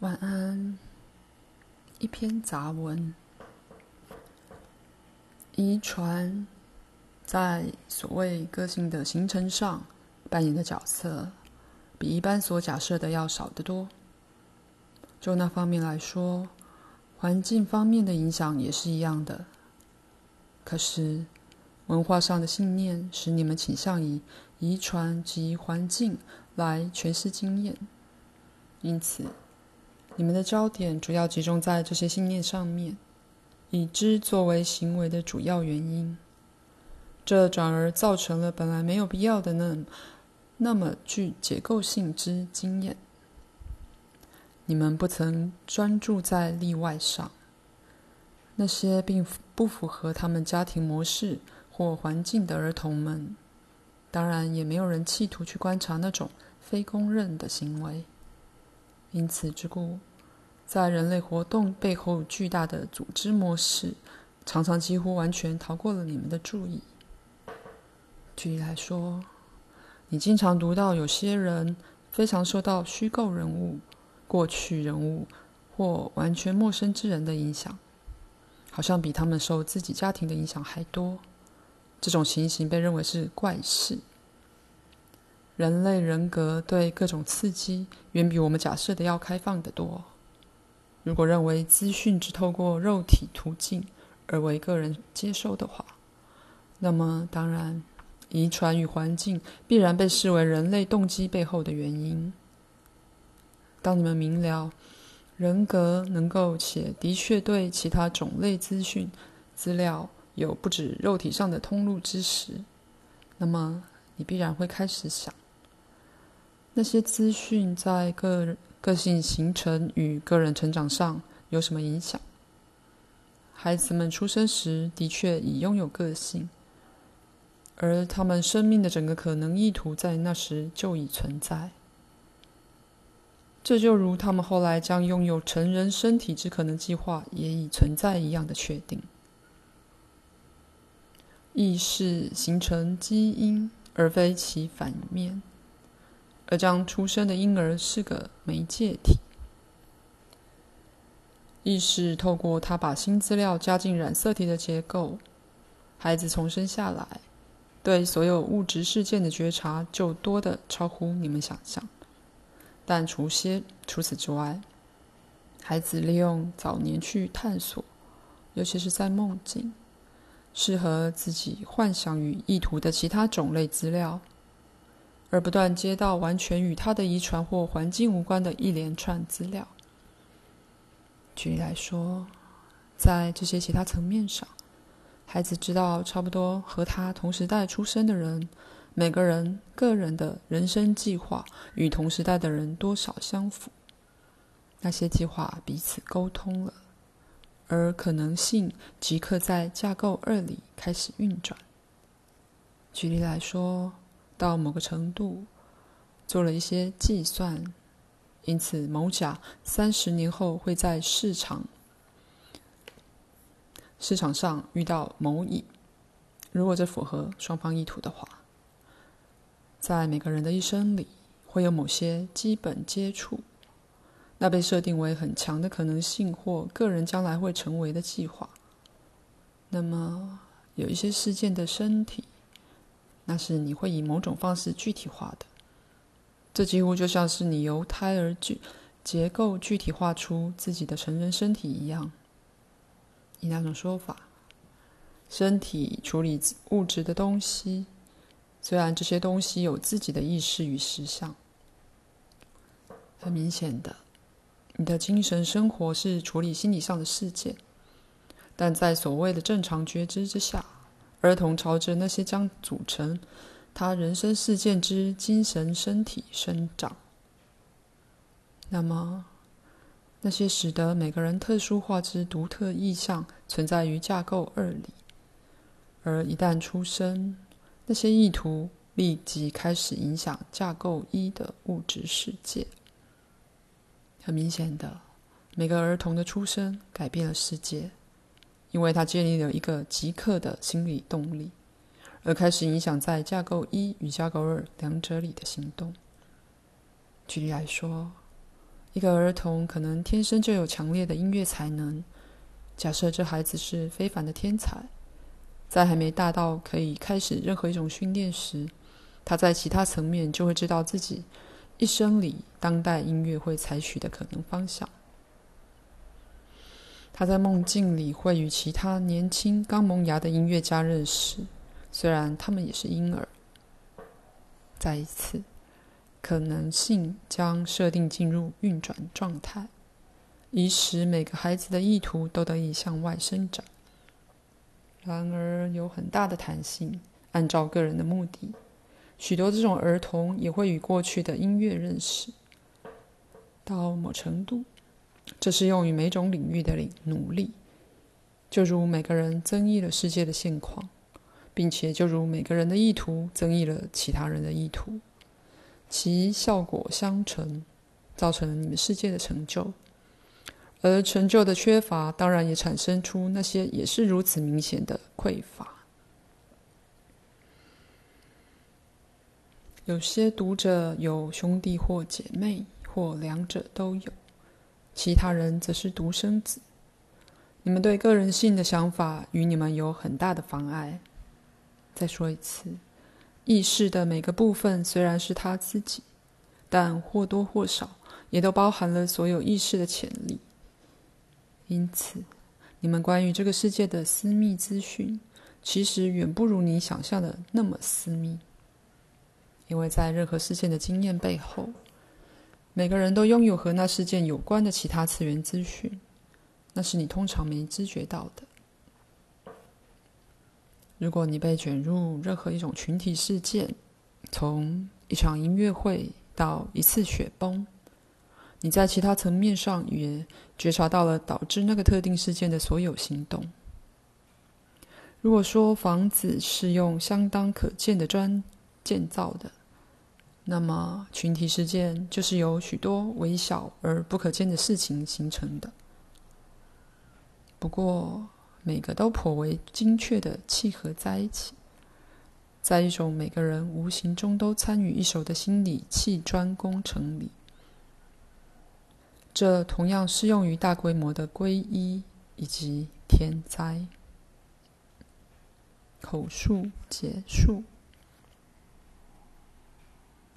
晚安。一篇雜文。遺傳在所謂個性的形成上扮演的角色，比一般所假設的要少得多。就那方面來說，環境方面的影響也是一樣的。可是，文化上的信念使你們傾向以遺傳及環境來詮釋經驗，因此。你們的焦點主要集中在這些信念上面，以之作為行為的主要原因，這轉而造成了本來沒有必要的那那麼具結構性之經驗。你們不曾專注在例外上，那些並不符合他們家庭模式或環境的兒童們，當然也沒有人企圖去觀察那種非公認的行為，因此之故。在人類活動背後巨大的組織模式，常常幾乎完全逃過了你們的注意。舉例來說，你經常讀到有些人非常受到虛構人物、過去人物或完全陌生之人的影響，好像比他們受自己家庭的影響還多。這種情形被認為是怪事。人類人格對各種刺激遠比我們假設的要開放得多。如果認為資訊只透過肉體途徑而為個人接受的話，那麼當然，遺傳與環境必然被視為人類動機背後的原因。當你們明了人格能夠且的確對其他種類資訊資料有不止肉體上的通路之時，那麼你必然會開始想，那些資訊在個人個性形成與個人成長上有什麼影響？孩子們出生時的確已擁有個性，而他們生命的整個可能意圖在那時就已存在。這就如他們後來將擁有成人身體之可能計劃也已存在一樣的確定。意識形成基因，而非其反面。而將出生的嬰兒是個媒介體，意識透過他把新資料加進染色體的結構。孩子重生下來，對所有物質事件的覺察就多的超乎你們想象。但除些除此之外，孩子利用早年去探索，尤其是在夢境，適合自己幻想與意圖的其他種類資料。而不斷接到完全與他的遺傳或環境無關的一連串資料。舉例來說，在這些其他層面上，孩子知道差不多和他同時代出生的人，每個人個人的人生計劃與同時代的人多少相符，那些計劃彼此溝通了，而可能性即刻在架構二裡開始運轉。舉例來說。到某個程度，做了一些計算，因此某甲三十年後會在市場市場上遇到某乙。如果這符合雙方意圖的話，在每個人的一生裡會有某些基本接觸，那被設定為很強的可能性或個人將來會成為的計劃。那麼有一些事件的身體。那是你會以某種方式具體化的，這幾乎就像是你由胎兒具結構具體化出自己的成人身體一樣。以那種說法，身體處理物質的東西，雖然這些東西有自己的意識與實相。很明顯的，你的精神生活是處理心理上的世界，但在所謂的正常覺知之下。兒童朝着那些將組成他人生事件之精神身體生長。那麼，那些使得每個人特殊化之獨特意向存在於架構二裡，而一旦出生，那些意圖立即開始影響架構一的物質世界。很明顯的，每個兒童的出生改變了世界。因為他建立了一個即刻的心理動力，而開始影響在架構一與架構二兩者裡的行動。舉例來說，一個兒童可能天生就有強烈的音樂才能。假設這孩子是非凡的天才，在還沒大到可以開始任何一種訓練時，他在其他層面就會知道自己一生裡當代音樂會採取的可能方向。他在夢境裡會與其他年輕、剛萌芽的音樂家認識，雖然他們也是嬰兒。再一次，可能性將設定進入運轉狀態，以使每個孩子的意圖都得以向外生長。然而，有很大的彈性，按照個人的目的，許多這種兒童也會與過去的音樂認識到某程度。這是用於每種領域的努力，就如每個人增益了世界的現況，並且就如每個人的意圖增益了其他人的意圖，其效果相乘，造成你們世界的成就。而成就的缺乏，當然也產生出那些也是如此明顯的匱乏。有些讀者有兄弟或姐妹，或兩者都有。其他人則是獨生子。你們對個人性的想法與你們有很大的妨礙。再說一次，意識的每個部分雖然是他自己，但或多或少也都包含了所有意識的潛力。因此，你們關於這個世界的私密資訊，其實遠不如你想象的那麼私密，因為在任何事件的經驗背後。每個人都擁有和那事件有關的其他次元資訊，那是你通常沒知覺到的。如果你被捲入任何一種群體事件，從一場音樂會到一次雪崩，你在其他層面上也覺察到了導致那個特定事件的所有行動。如果說房子是用相當可見的磚建造的。那麼，群體事件就是由許多微小而不可見的事情形成的，不過每個都頗為精確地契合在一起，在一種每個人無形中都參與一手的心理砌磚工程裡。這同樣適用於大規模的皈依以及天災。口述結束。